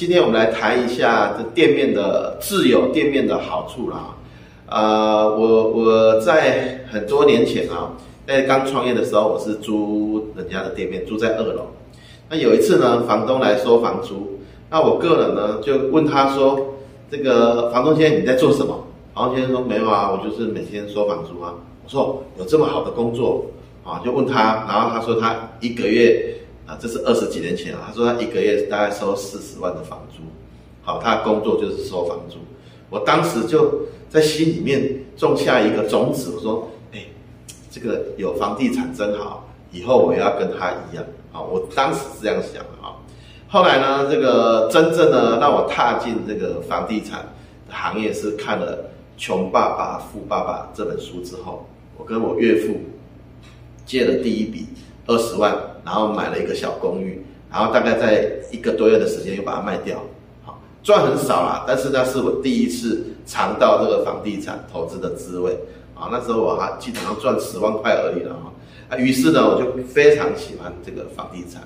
今天我們來談一下這店面的自有店面的好處啦啊，呃，我我在很多年前啊，在剛創業的時候，我是租人家的店面，租在二樓。那有一次呢，房東來收房租，那我個人呢就問他說：“這個房東先生你在做什麼？”房東先生說：“沒有啊，我就是每天收房租啊。”我說：“有這麼好的工作啊？”就問他，然後他說他一個月。啊，這是二十幾年前啊。他說他一個月大概收四十萬的房租，好，他工作就是收房租。我當時就在心裡面種下一個種子，我說，哎，這個有房地產真好，以後我要跟他一樣啊。我當時是這樣想的啊。後來呢，這個真正的讓我踏進這個房地產的行業是看了《窮爸爸富爸爸》這本書之後，我跟我岳父借了第一筆二十萬。然後買了一個小公寓，然後大概在一個多月的時間又把它賣掉。好賺很少啦，但是那是我第一次嘗到這個房地產投資的滋味啊！那時候我還基本上賺十萬塊而已了，於是呢，我就非常喜歡這個房地產。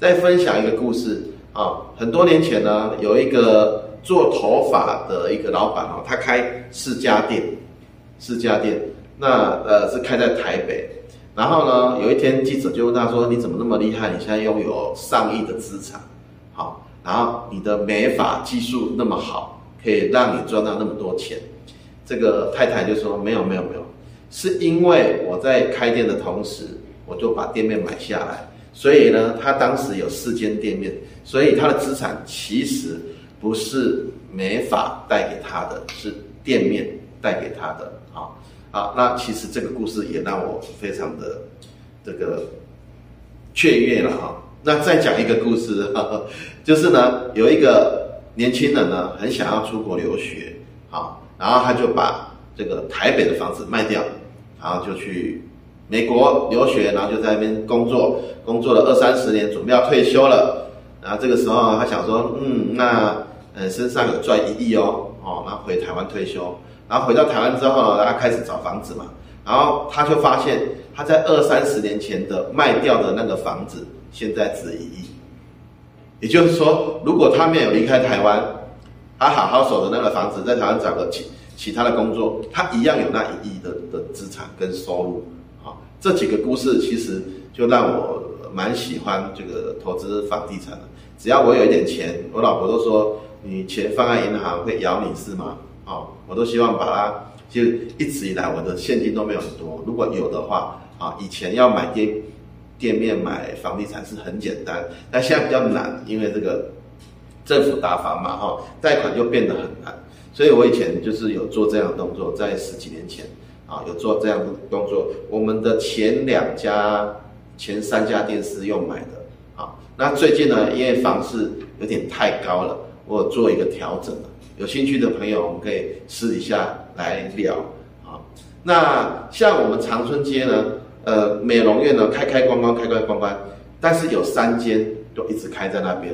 再分享一個故事啊，很多年前呢，有一個做頭髮的一個老板哦，他開四家店，四家店那呃是開在台北。然後呢，有一天記者就問他說：“你怎麼那麼厲害？你現在擁有上億的資產，好，然後你的美髮技術那麼好，可以讓你賺到那麼多錢？”這個太太就說：“沒有，沒有，沒有，是因為我在開店的同時，我就把店面買下來，所以呢，他當時有四間店面，所以他的資產其實不是美髮帶給他的，是店面帶給他的，好。”好，那其實這個故事也讓我非常的這個雀躍了哈。那再講一個故事，就是呢，有一個年輕人呢，很想要出國留學，好，然後他就把這個台北的房子賣掉，然後就去美國留學，然後就在那邊工作，工作了二三十年，準備要退休了。然後這個時候他想說，嗯，那嗯身上有賺一億哦，哦，那回台灣退休。然後回到台灣之後，呢他開始找房子嘛。然後他就發現，他在二三十年前的賣掉的那個房子，現在值一億。也就是說，如果他沒有離開台灣，他好好守着那個房子，在台灣找個其其他的工作，他一樣有那一億的的資產跟收入。這幾個故事其實就讓我蠻喜歡這個投資房地產的。只要我有一點錢，我老婆都說你錢放在銀行會咬你是嗎？啊，我都希望把它，就一直以來我的現金都沒有很多，如果有的話，啊，以前要買店店面買房地產是很簡單，但現在比較難，因為這個政府打房嘛，哈，貸款就變得很難，所以我以前就是有做這樣的動作，在十幾年前，啊，有做這樣的動作，我們的前兩家、前三家店是用買的，啊，那最近呢，因為房市有點太高了。我做一個調整，有興趣的朋友，我們可以私底下來聊啊。那像我們長春街呢，呃，美容院呢，開開關關開開關關，但是有三間都一直開在那邊，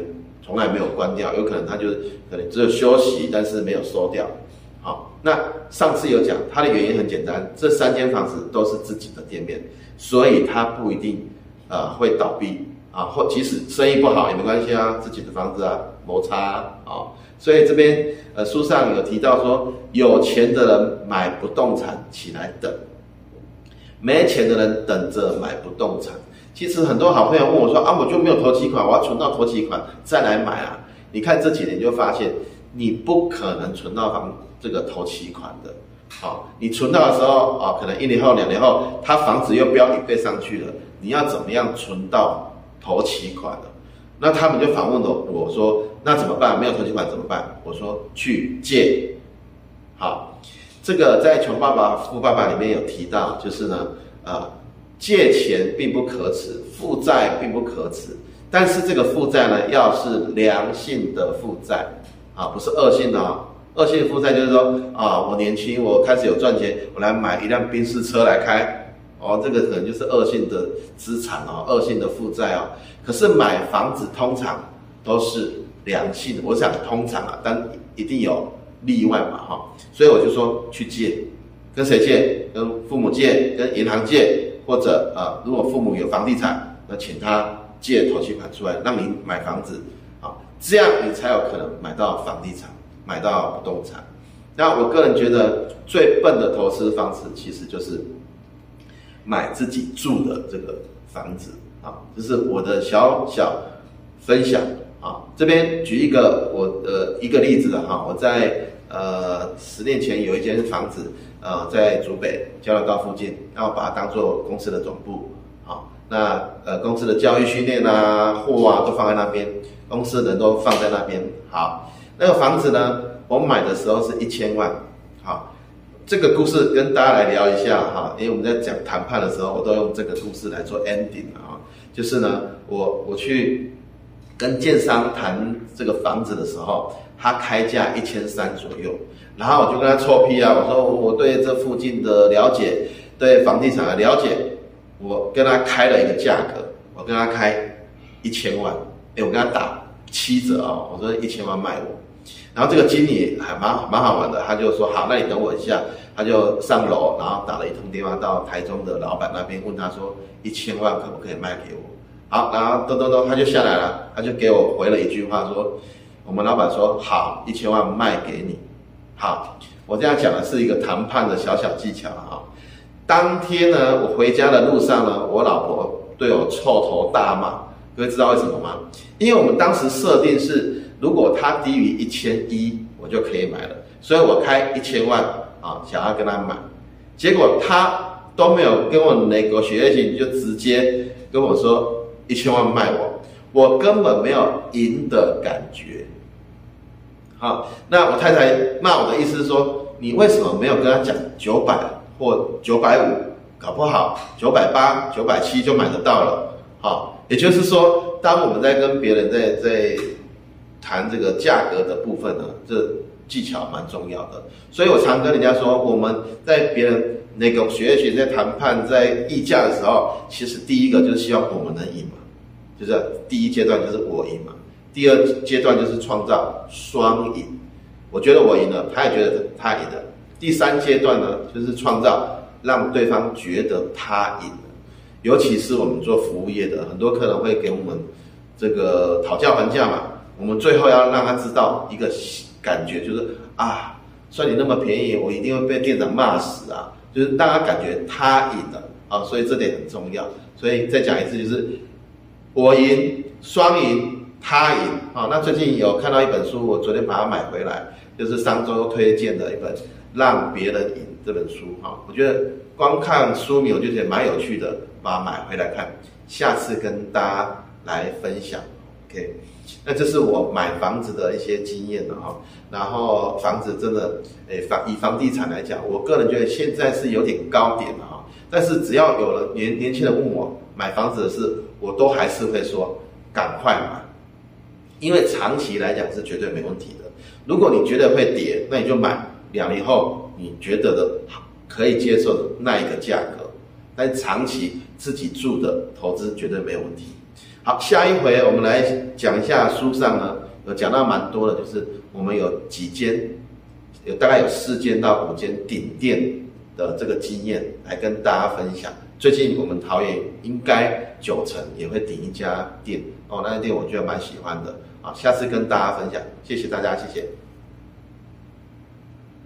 從來沒有關掉，有可能他就可能只有休息，但是沒有收掉。好，那上次有講它的原因很簡單，這三間房子都是自己的店面，所以它不一定啊、呃、會倒閉啊，或即使生意不好也沒關係啊，自己的房子啊，沒差、啊。好，所以這邊呃書上有提到說，有錢的人買不動產起來等，沒錢的人等着買不動產。其實很多好朋友問我說啊，我就沒有頭期款，我要存到頭期款再來買啊。你看這幾年就發現，你不可能存到房這個頭期款的。好，你存到的時候啊，可能一年後、兩年後，他房子又飆一倍上去了，你要怎麼樣存到頭期款的？那他們就反問了我說。那怎麼辦？沒有存錢款怎麼辦？我說去借。好，這個在《窮爸爸富爸爸》裡面有提到，就是呢，啊，呃，借錢並不可恥，負債並不可恥，但是這個負債呢，要是良性的負債，啊，不是惡性的哦。惡性的負債就是說，啊，我年輕，我開始有賺錢，我來買一輛賓士車來開，哦，這個可能就是惡性的資產哦，惡性的負債哦。可是買房子通常。都是良性的，我想通常啊，但一定有例外嘛，哈、哦，所以我就說去借，跟誰借？跟父母借，跟銀行借，或者啊、呃，如果父母有房地產，那請他借頭期款出來，讓你買房子，啊、哦，這樣你才有可能買到房地產，買到不動產。那我個人覺得最笨的投資方式，其實就是買自己住的這個房子，啊、哦，這、就是我的小小分享。好，這邊舉一個我呃一個例子的哈，我在呃十年前有一間房子，呃在竹北交流道附近，然後把它當做公司的總部，好，那呃公司的教育訓練啊，貨啊都放在那邊，公司人都放在那邊，好，那個房子呢，我買的時候是一千萬，好，這個故事跟大家來聊一下哈，因為我們在講談判的時候，我都用這個故事來做 ending 啊，就是呢，我我去。跟建商談這個房子的時候，他開價一千三左右，然後我就跟他臭屁啊，我說我對這附近的了解，對房地產的了解，我跟他開了一個價格，我跟他開一千萬，哎、欸，我跟他打七折哦，我說一千萬賣我，然後這個經理還蠻蠻好玩的，他就說好，那你等我一下，他就上樓，然後打了一通電話到台中的老闆那邊，問他說一千萬可不可以賣給我。好，然後咚咚咚，他就下來了，他就給我回了一句話，說：“我們老闆說好，一千萬賣給你。”好，我這樣講的是一個談判的小小技巧啊、哦。當天呢，我回家的路上呢，我老婆對我臭頭大罵，各位知道為什麼嗎？因為我們當時設定是，如果他低於一千一，我就可以買了，所以我開一千萬啊、哦，想要跟他買，結果他都沒有跟我那個血液，就直接跟我說。一千萬賣我，我根本沒有贏的感覺。好，那我太太罵我的意思是說，你為什麼沒有跟他講九百或九百五？搞不好九百八、九百七就買得到了。好，也就是說，當我們在跟別人在在談這個價格的部分呢，這技巧蠻重要的。所以我常跟人家說，我們在別人。那個學學在談判在議價的時候，其實第一個就是希望我們能贏嘛，就是第一階段就是我贏嘛，第二階段就是創造雙贏，我覺得我贏了，他也覺得他贏了。第三階段呢，就是創造讓對方覺得他贏了。尤其是我們做服務業的，很多客人會給我們這個討價還價嘛，我們最後要讓他知道一個感覺，就是啊，算你那麼便宜，我一定會被店長罵死啊。就是大家感覺他贏了啊，所以這點很重要。所以再講一次，就是我贏、雙贏、他贏啊。那最近有看到一本書，我昨天把它買回來，就是上周推薦的一本《讓別人贏》這本書哈，我覺得光看書名我就覺得蠻有趣的，把它買回來看，下次跟大家來分享。OK，那這是我買房子的一些經驗了哈。然後房子真的，誒，房以房地產來講，我個人覺得現在是有點高點了哈。但是只要有了年年輕人問我買房子的事，我都還是會說趕快買，因為長期來講是絕對沒問題的。如果你覺得會跌，那你就買兩年後你覺得的可以接受的那一個價格。但長期自己住的投資絕對沒有問題。好，下一回我們來講一下書上呢，有講到蠻多的，就是我們有幾間，有大概有四間到五間頂店的這個經驗來跟大家分享。最近我們桃園應該九成也會頂一家店哦，那家店我覺得蠻喜歡的啊，下次跟大家分享，謝謝大家，謝謝。